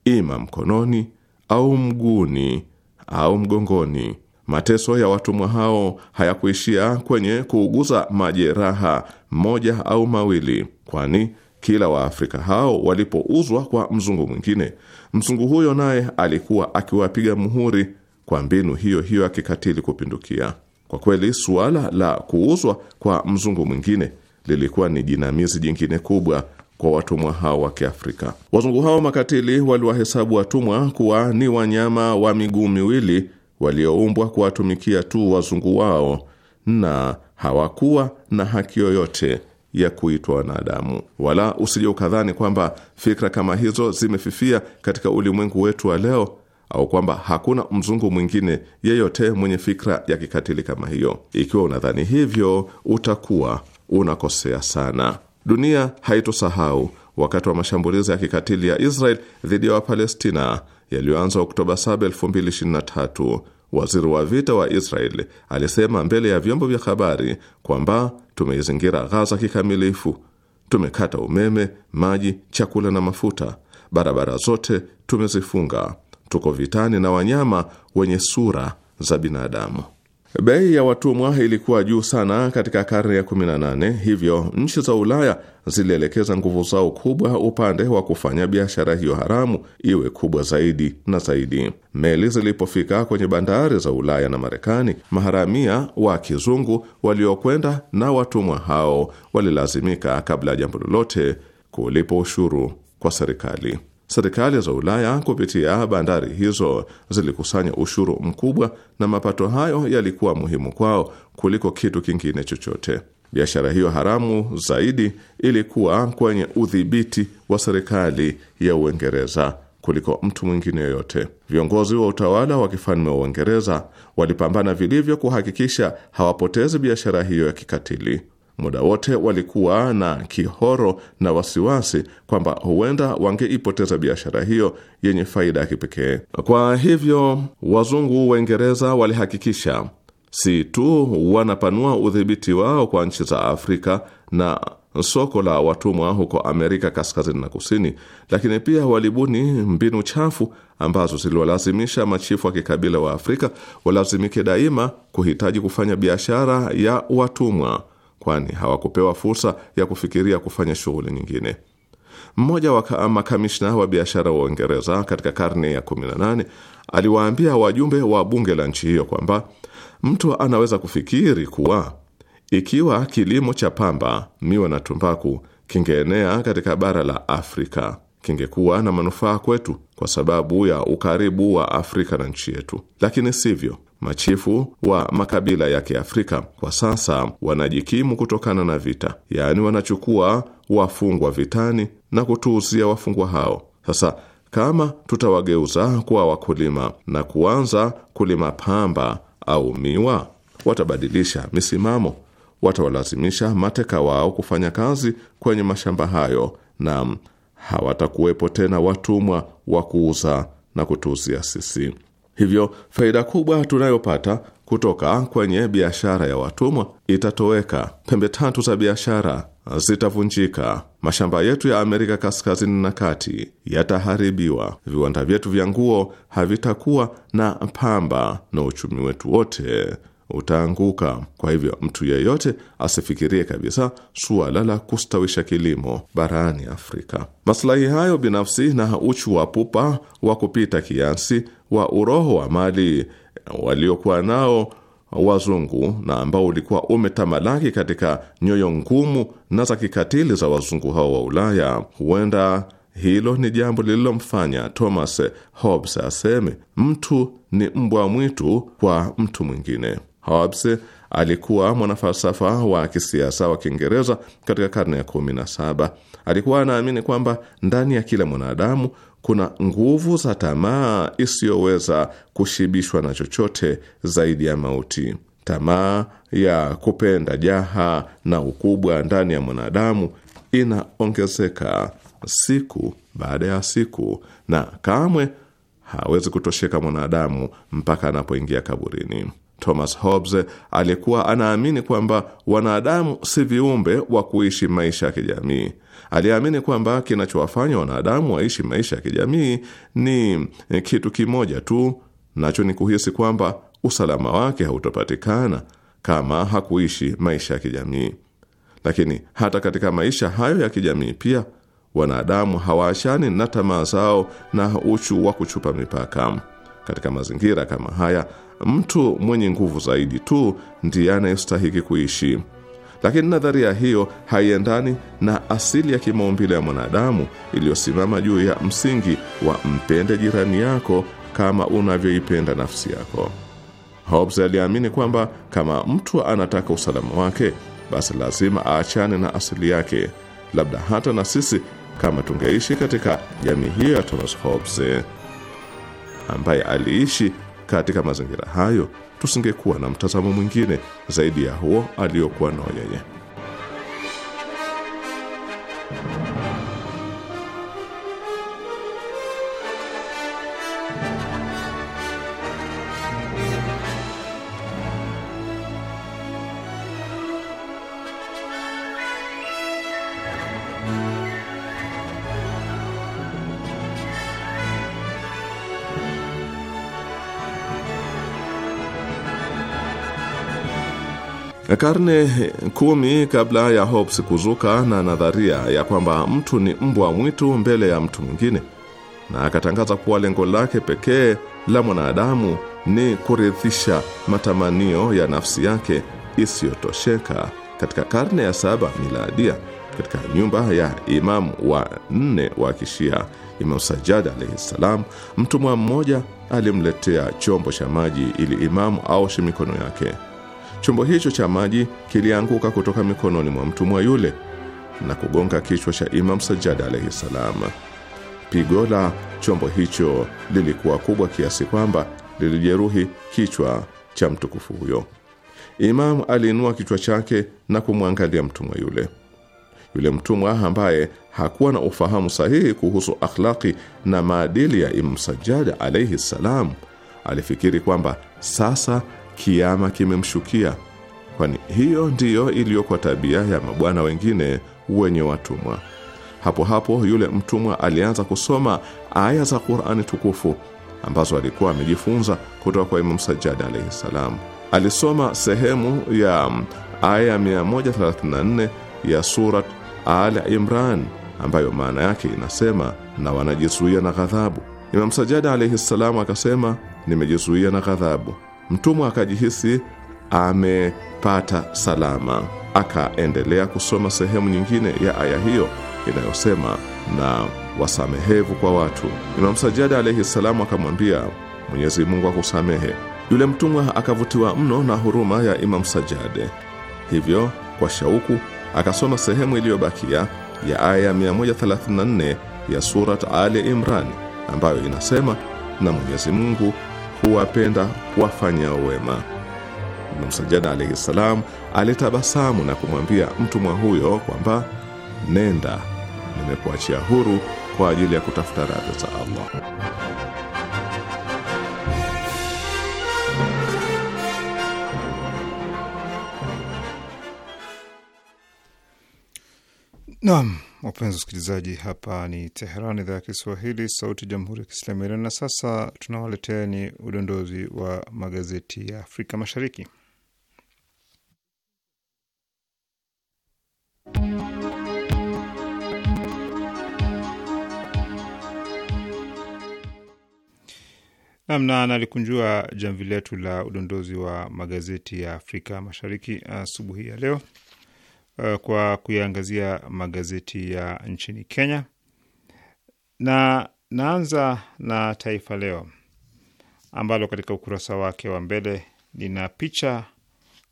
Speaker 1: ima mkononi au mguuni au mgongoni. Mateso ya watumwa hao hayakuishia kwenye kuuguza majeraha moja au mawili, kwani kila Waafrika hao walipouzwa kwa mzungu mwingine, mzungu huyo naye alikuwa akiwapiga muhuri kwa mbinu hiyo hiyo ya kikatili kupindukia. Kwa kweli, suala la kuuzwa kwa mzungu mwingine lilikuwa ni jinamizi jingine kubwa kwa watumwa hao wa Kiafrika. Wazungu hao makatili waliwahesabu watumwa kuwa ni wanyama wa miguu miwili walioumbwa kuwatumikia tu wazungu wao na hawakuwa na haki yoyote ya kuitwa wanadamu. Wala usije ukadhani kwamba fikra kama hizo zimefifia katika ulimwengu wetu wa leo au kwamba hakuna mzungu mwingine yeyote mwenye fikra ya kikatili kama hiyo. Ikiwa unadhani hivyo, utakuwa unakosea sana. Dunia haitosahau wakati wa mashambulizi ya kikatili ya Israel dhidi ya Wapalestina yaliyoanza Oktoba 7, 2023. Waziri wa vita wa Israel alisema mbele ya vyombo vya habari kwamba tumeizingira Ghaza kikamilifu, tumekata umeme, maji, chakula na mafuta, barabara zote tumezifunga, tuko vitani na wanyama wenye sura za binadamu. Bei ya watumwa ilikuwa juu sana katika karne ya 18, hivyo nchi za Ulaya zilielekeza nguvu zao kubwa upande wa kufanya biashara hiyo haramu iwe kubwa zaidi na zaidi. Meli zilipofika kwenye bandari za Ulaya na Marekani, maharamia wa kizungu waliokwenda na watumwa hao walilazimika, kabla ya jambo lolote, kulipa ushuru kwa serikali. Serikali za Ulaya kupitia bandari hizo zilikusanya ushuru mkubwa, na mapato hayo yalikuwa muhimu kwao kuliko kitu kingine chochote. Biashara hiyo haramu zaidi ilikuwa kwenye udhibiti wa serikali ya Uingereza kuliko mtu mwingine yoyote. Viongozi wa utawala wa kifalme wa Uingereza walipambana vilivyo kuhakikisha hawapotezi biashara hiyo ya kikatili. Muda wote walikuwa na kihoro na wasiwasi kwamba huenda wangeipoteza biashara hiyo yenye faida ya kipekee. Kwa hivyo, wazungu Waingereza walihakikisha si tu wanapanua udhibiti wao kwa nchi za Afrika na soko la watumwa huko Amerika kaskazini na kusini, lakini pia walibuni mbinu chafu ambazo ziliwalazimisha machifu wa kikabila wa Afrika walazimike daima kuhitaji kufanya biashara ya watumwa kwani hawakupewa fursa ya kufikiria kufanya shughuli nyingine. Mmoja wa makamishna wa biashara wa Uingereza katika karne ya 18 aliwaambia wajumbe wa bunge la nchi hiyo kwamba mtu anaweza kufikiri kuwa ikiwa kilimo cha pamba, miwa na tumbaku kingeenea katika bara la Afrika, kingekuwa na manufaa kwetu kwa sababu ya ukaribu wa Afrika na nchi yetu, lakini sivyo. Machifu wa makabila ya Kiafrika kwa sasa wanajikimu kutokana na vita, yaani wanachukua wafungwa vitani na kutuuzia wafungwa hao. Sasa kama tutawageuza kuwa wakulima na kuanza kulima pamba au miwa, watabadilisha misimamo, watawalazimisha mateka wao kufanya kazi kwenye mashamba hayo nam hawatakuwepo tena watumwa wa kuuza na kutuuzia sisi. Hivyo faida kubwa tunayopata kutoka kwenye biashara ya watumwa itatoweka. Pembe tatu za biashara zitavunjika. Mashamba yetu ya Amerika kaskazini na kati yataharibiwa. Viwanda vyetu vya nguo havitakuwa na pamba, na uchumi wetu wote utaanguka. Kwa hivyo mtu yeyote asifikirie kabisa suala la kustawisha kilimo barani Afrika. Maslahi hayo binafsi na uchu wa pupa wa kupita kiasi wa uroho wa mali waliokuwa nao wazungu na ambao ulikuwa umetamalaki katika nyoyo ngumu na za kikatili za wazungu hao wa Ulaya, huenda hilo ni jambo lililomfanya Thomas Hobbes aseme mtu ni mbwa mwitu kwa mtu mwingine. Hobbes alikuwa mwanafalsafa wa kisiasa wa Kiingereza katika karne ya kumi na saba. Alikuwa anaamini kwamba ndani ya kila mwanadamu kuna nguvu za tamaa isiyoweza kushibishwa na chochote zaidi ya mauti. Tamaa ya kupenda jaha na ukubwa ndani ya mwanadamu inaongezeka siku baada ya siku, na kamwe hawezi kutosheka mwanadamu mpaka anapoingia kaburini. Thomas Hobbes alikuwa anaamini kwamba wanadamu si viumbe wa kuishi maisha ya kijamii. Aliamini kwamba kinachowafanya wanadamu waishi maisha ya kijamii ni kitu kimoja tu, nacho ni kuhisi kwamba usalama wake hautopatikana kama hakuishi maisha ya kijamii. Lakini hata katika maisha hayo ya kijamii pia wanadamu hawaachani na tamaa zao na uchu wa kuchupa mipaka. Katika mazingira kama haya mtu mwenye nguvu zaidi tu ndiye anayestahiki kuishi. Lakini nadharia hiyo haiendani na asili ya kimaumbile ya mwanadamu iliyosimama juu ya msingi wa mpende jirani yako kama unavyoipenda nafsi yako. Hobbes aliamini kwamba kama mtu anataka usalama wake, basi lazima aachane na asili yake. Labda hata na sisi kama tungeishi katika jamii hiyo ya Thomas Hobbes ambaye aliishi katika mazingira hayo, tusingekuwa na mtazamo mwingine zaidi ya huo aliyokuwa nao yeye. Karne kumi kabla ya Hobbes kuzuka na nadharia ya kwamba mtu ni mbwa mwitu mbele ya mtu mwingine, na akatangaza kuwa lengo lake pekee la mwanadamu ni kuridhisha matamanio ya nafsi yake isiyotosheka. Katika karne ya saba miladia, katika nyumba ya imamu wa nne wa Kishia, Imam Sajjad alaihi ssalam, mtumwa mmoja alimletea chombo cha maji ili imamu aoshe mikono yake. Chombo hicho cha maji kilianguka kutoka mikononi mwa mtumwa yule na kugonga kichwa cha Imam Sajjad alayhi salam. Pigo la chombo hicho lilikuwa kubwa kiasi kwamba lilijeruhi kichwa cha mtukufu huyo. Imam aliinua kichwa chake na kumwangalia mtumwa yule. Yule mtumwa ambaye hakuwa na ufahamu sahihi kuhusu akhlaki na maadili ya Imam Sajjad alayhi salam alifikiri kwamba sasa kiama kimemshukia, kwani hiyo ndiyo iliyokuwa tabia ya mabwana wengine wenye watumwa. Hapo hapo yule mtumwa alianza kusoma aya za Qur'ani tukufu ambazo alikuwa amejifunza kutoka kwa Imam Sajjad alaihi salam. Alisoma sehemu ya mm, aya 134 ya surat Al Imran ambayo maana yake inasema, na wanajizuia na ghadhabu. Imam Sajjad alaihi salam akasema, nimejizuia na ghadhabu. Mtumwa akajihisi amepata salama. Akaendelea kusoma sehemu nyingine ya aya hiyo inayosema, na wasamehevu kwa watu. imamu sajadi alaihi salamu akamwambia, Mwenyezi Mungu akusamehe. Yule mtumwa akavutiwa mno na huruma ya imamu sajade hivyo kwa shauku akasoma sehemu iliyobakia ya aya 134 ya Surat Ali Imran ambayo inasema, na Mwenyezi Mungu huwapenda wafanyao wema. Ibn Sajjad alayhi salam alitabasamu na kumwambia mtumwa huyo kwamba nenda, nimekuachia huru kwa ajili ya kutafuta radhi za Allah.
Speaker 4: Naam. Wapenzi wasikilizaji, hapa ni Teheran, idhaa ya Kiswahili, sauti ya jamhuri ya kiislamu ya Iran. Na sasa tunawaletea ni udondozi wa magazeti ya Afrika Mashariki. Namna nalikunjua jamvi letu la udondozi wa magazeti ya Afrika Mashariki uh, asubuhi ya leo uh, kwa kuyaangazia magazeti ya nchini Kenya na naanza na Taifa Leo ambalo katika ukurasa wake wa mbele lina picha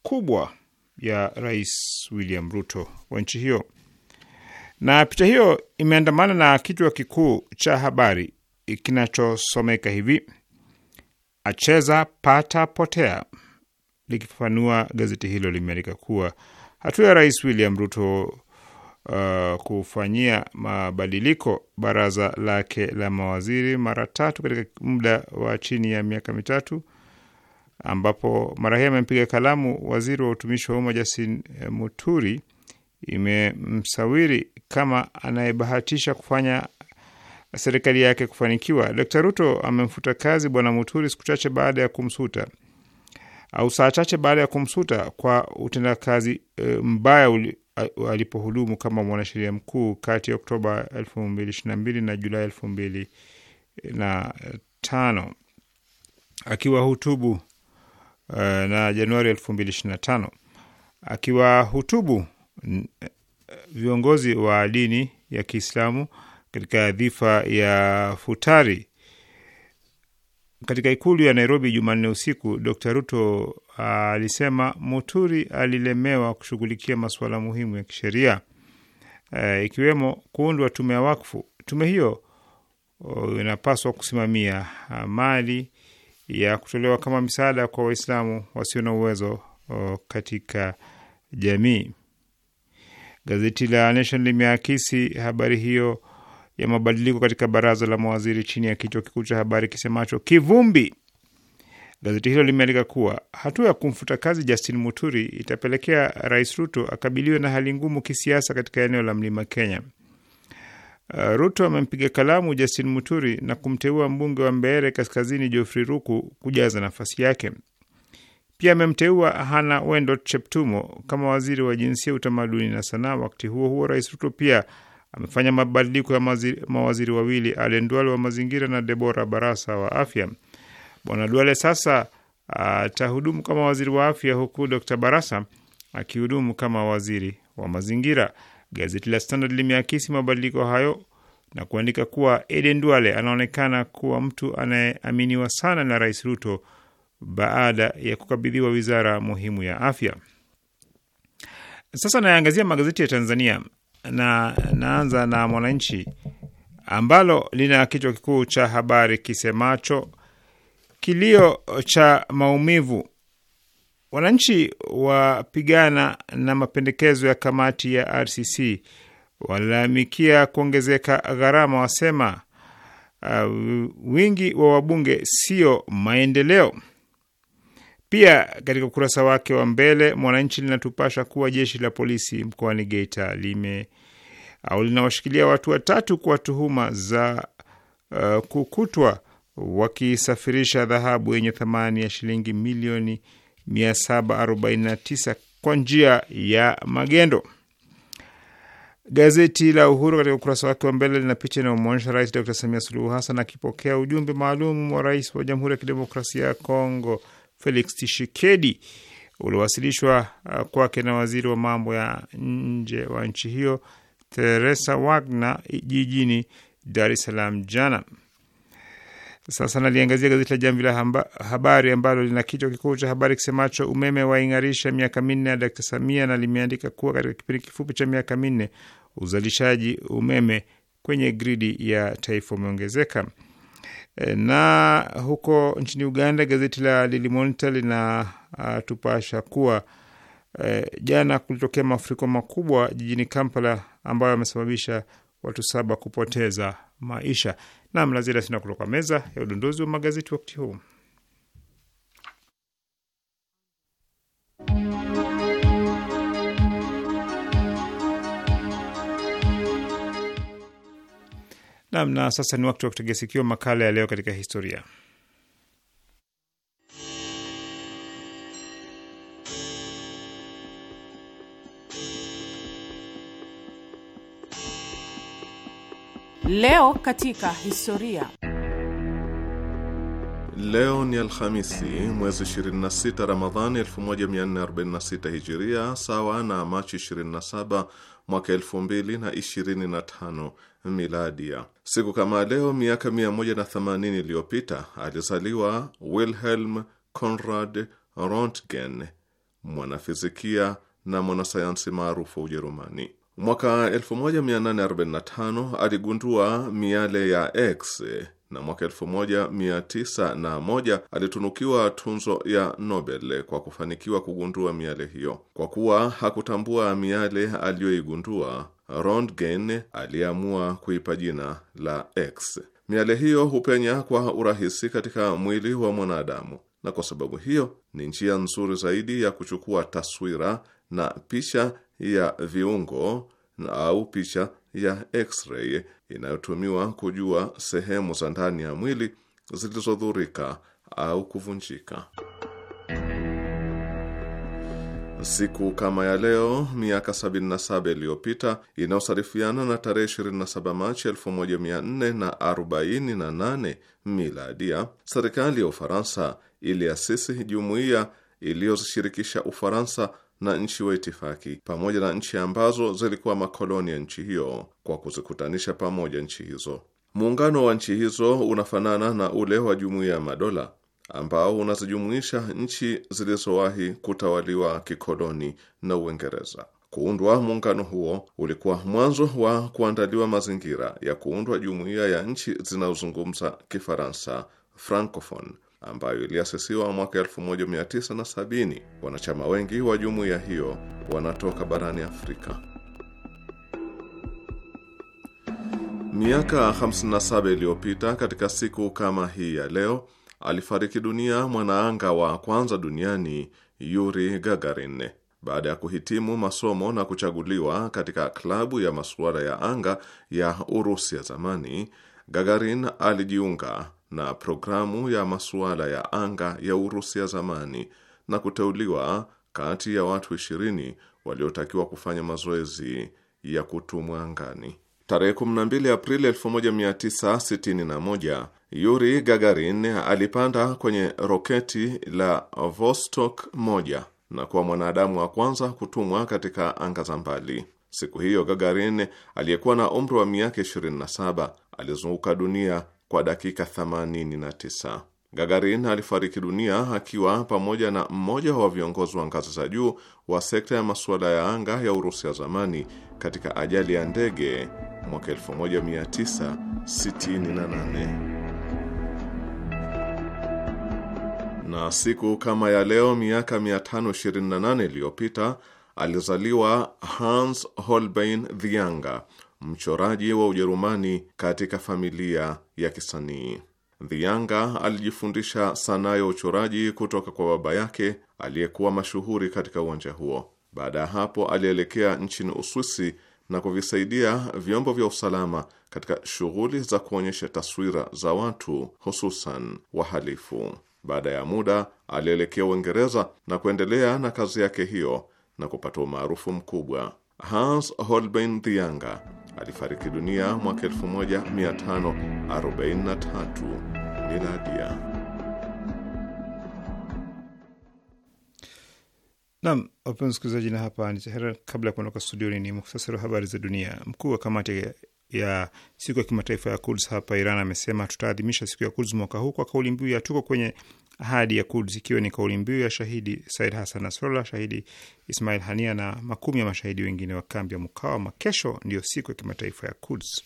Speaker 4: kubwa ya Rais William Ruto wa nchi hiyo, na picha hiyo imeandamana na kichwa kikuu cha habari kinachosomeka hivi acheza pata potea. Likifafanua, gazeti hilo limeandika kuwa Hatua ya Rais William Ruto Uh, kufanyia mabadiliko baraza lake la mawaziri mara tatu katika muda wa chini ya miaka mitatu, ambapo mara hii amempiga kalamu waziri wa utumishi wa umma jasin eh, Muturi, imemsawiri kama anayebahatisha kufanya serikali yake kufanikiwa. Dkt. Ruto amemfuta kazi bwana Muturi siku chache baada ya kumsuta au saa chache baada ya kumsuta kwa utendakazi e, mbaya alipohudumu kama mwanasheria mkuu kati ya Oktoba 2022 na Julai 2005 akiwa hutubu e, na Januari 2025 akiwa hutubu eh, viongozi wa dini ya Kiislamu katika dhifa ya futari katika ikulu ya Nairobi Jumanne usiku, Dr Ruto ah, alisema Muturi alilemewa kushughulikia masuala muhimu ya kisheria e, ikiwemo kuundwa tume ya wakfu. Tume hiyo oh, inapaswa kusimamia ah, mali ya kutolewa kama misaada kwa Waislamu wasio na uwezo o, oh, katika jamii. Gazeti la Nation limeakisi habari hiyo ya mabadiliko katika baraza la mawaziri chini ya kichwa kikuu cha habari kisemacho kivumbi. Gazeti hilo limeandika kuwa hatua ya kumfuta kazi Justin Muturi itapelekea Rais Ruto akabiliwe na hali ngumu kisiasa katika eneo la mlima Kenya. Uh, Ruto amempiga kalamu Justin Muturi na kumteua mbunge wa Mbeere Kaskazini Geoffrey Ruku kujaza nafasi yake. Pia amemteua Hana wendo Cheptumo kama waziri wa jinsia, utamaduni na sanaa. Wakati huo huo, Rais Ruto pia amefanya mabadiliko ya mawaziri, mawaziri wawili Alen Duale wa mazingira na Debora Barasa wa afya. Bwana Duale sasa ah, atahudumu kama waziri wa afya huku Dr Barasa akihudumu kama waziri wa mazingira. Gazeti la Standard limeakisi mabadiliko hayo na kuandika kuwa Eden Duale anaonekana kuwa mtu anayeaminiwa sana na Rais Ruto baada ya kukabidhiwa wizara muhimu ya afya. Sasa nayaangazia magazeti ya Tanzania na naanza na Mwananchi ambalo lina kichwa kikuu cha habari kisemacho kilio cha maumivu, wananchi wapigana na mapendekezo ya kamati ya RCC, walalamikia kuongezeka gharama, wasema uh, wingi wa wabunge sio maendeleo. Pia katika ukurasa wake wa mbele Mwananchi linatupasha kuwa jeshi la polisi mkoani Geita lime au linawashikilia watu watatu kwa tuhuma za uh, kukutwa wakisafirisha dhahabu yenye thamani ya shilingi milioni 749 kwa njia ya magendo. Gazeti la Uhuru katika ukurasa wake wa mbele lina picha inayomwonyesha Rais Dr Samia Suluhu Hassan akipokea ujumbe maalum wa rais wa Jamhuri ya Kidemokrasia ya Kongo Felix Tshisekedi uliowasilishwa uh, kwake na waziri wa mambo ya nje wa nchi hiyo teresa Wagner jijini Dar es Salaam jana. Sasa naliangazia gazeti la Jamvi la Habari ambalo lina kichwa kikuu cha habari kisemacho umeme waing'arisha miaka minne ya Dakta Samia, na limeandika kuwa katika kipindi kifupi cha miaka minne uzalishaji umeme kwenye gridi ya taifa umeongezeka. Eh, na huko nchini Uganda, gazeti la Daily Monitor linatupasha ah, kuwa uh, jana kulitokea mafuriko makubwa jijini Kampala ambayo yamesababisha watu saba kupoteza maisha. Nam lazira sina kutoka meza ya udondozi wa magazeti wakati huu. Nam, na sasa ni wakati wa kutegea sikio makala ya leo katika historia.
Speaker 3: Leo katika historia.
Speaker 1: Leo ni Alhamisi, mwezi 26 Ramadhani 1446 Hijiria, sawa na Machi 27 mwaka elfu mbili na ishirini na tano miladia. Siku kama leo miaka 180 iliyopita alizaliwa Wilhelm Conrad Rontgen, mwanafizikia na mwanasayansi maarufu wa Ujerumani. Mwaka 1845 aligundua miale ya X na mwaka moja alitunukiwa tunzo ya Nobel kwa kufanikiwa kugundua miale hiyo. Kwa kuwa hakutambua miale aliyoigundua, Rontgen aliamua kuipa jina la X. Miale hiyo hupenya kwa urahisi katika mwili wa mwanadamu, na kwa sababu hiyo ni njia nzuri zaidi ya kuchukua taswira na picha ya viungo au picha ya X-ray inayotumiwa kujua sehemu za ndani ya mwili zilizodhurika au kuvunjika. Siku kama ya leo miaka 77 iliyopita inayosarifiana na tarehe 27 Machi 1448 miladia, serikali ya Ufaransa iliasisi jumuiya iliyozishirikisha Ufaransa na nchi wa itifaki pamoja na nchi ambazo zilikuwa makoloni ya nchi hiyo kwa kuzikutanisha pamoja nchi hizo. Muungano wa nchi hizo unafanana na ule wa Jumuiya ya Madola ambao unazijumuisha nchi zilizowahi kutawaliwa kikoloni na Uingereza. Kuundwa muungano huo ulikuwa mwanzo wa kuandaliwa mazingira ya kuundwa jumuiya ya nchi zinazozungumza Kifaransa, Francophone, ambayo iliasisiwa mwaka 1970. Wanachama wengi wa jumuiya hiyo wanatoka barani Afrika. Miaka 57 iliyopita katika siku kama hii ya leo alifariki dunia mwanaanga wa kwanza duniani Yuri Gagarin. Baada ya kuhitimu masomo na kuchaguliwa katika klabu ya masuala ya anga ya Urusi ya zamani, Gagarin alijiunga na programu ya masuala ya anga ya Urusi ya zamani na kuteuliwa kati ya watu ishirini waliotakiwa kufanya mazoezi ya kutumwa angani. Tarehe 12 Aprili 1961 Yuri Gagarin alipanda kwenye roketi la Vostok 1 na kuwa mwanadamu wa kwanza kutumwa katika anga za mbali. Siku hiyo Gagarin aliyekuwa na umri wa miaka 27 alizunguka dunia kwa dakika 89. Gagarin alifariki dunia akiwa pamoja na mmoja wa viongozi wa ngazi za juu wa sekta ya masuala ya anga ya Urusi ya zamani katika ajali ya ndege mwaka 1968. Na siku kama ya leo miaka 528 iliyopita alizaliwa Hans Holbein the Younger mchoraji wa Ujerumani katika familia ya kisanii. Dhianga alijifundisha sanaa ya uchoraji kutoka kwa baba yake aliyekuwa mashuhuri katika uwanja huo. Baada ya hapo, alielekea nchini Uswisi na kuvisaidia vyombo vya usalama katika shughuli za kuonyesha taswira za watu, hususan wahalifu. Baada ya muda, alielekea Uingereza na kuendelea na kazi yake hiyo na kupata umaarufu mkubwa. Hans Holbein Dhianga alifariki dunia mwaka 1543
Speaker 4: miladia. Nam wapenzi msikilizaji, na hapa ni Teheran. Kabla ya kuondoka studioni, ni muhtasari wa habari za dunia. Mkuu wa kamati ya siku ya kimataifa ya Kuds hapa Iran amesema tutaadhimisha siku ya Kuds mwaka huu kwa kauli mbiu ya tuko kwenye ahadi ya Kuds, ikiwa ni kauli mbiu ya shahidi Said Hassan Nasrallah, shahidi Ismail Hania na makumi ya mashahidi wengine wa kambi ya Mukawama. Kesho ndiyo siku ya kimataifa ya Kuds.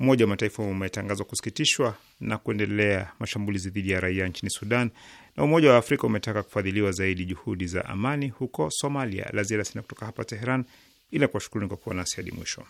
Speaker 4: Umoja wa Mataifa umetangazwa kusikitishwa na kuendelea mashambulizi dhidi ya raia nchini Sudan, na Umoja wa Afrika umetaka kufadhiliwa zaidi juhudi za amani huko Somalia. La ziada sina kutoka hapa Teheran, ila kuwashukuruni kwa kuwa nasi hadi mwisho.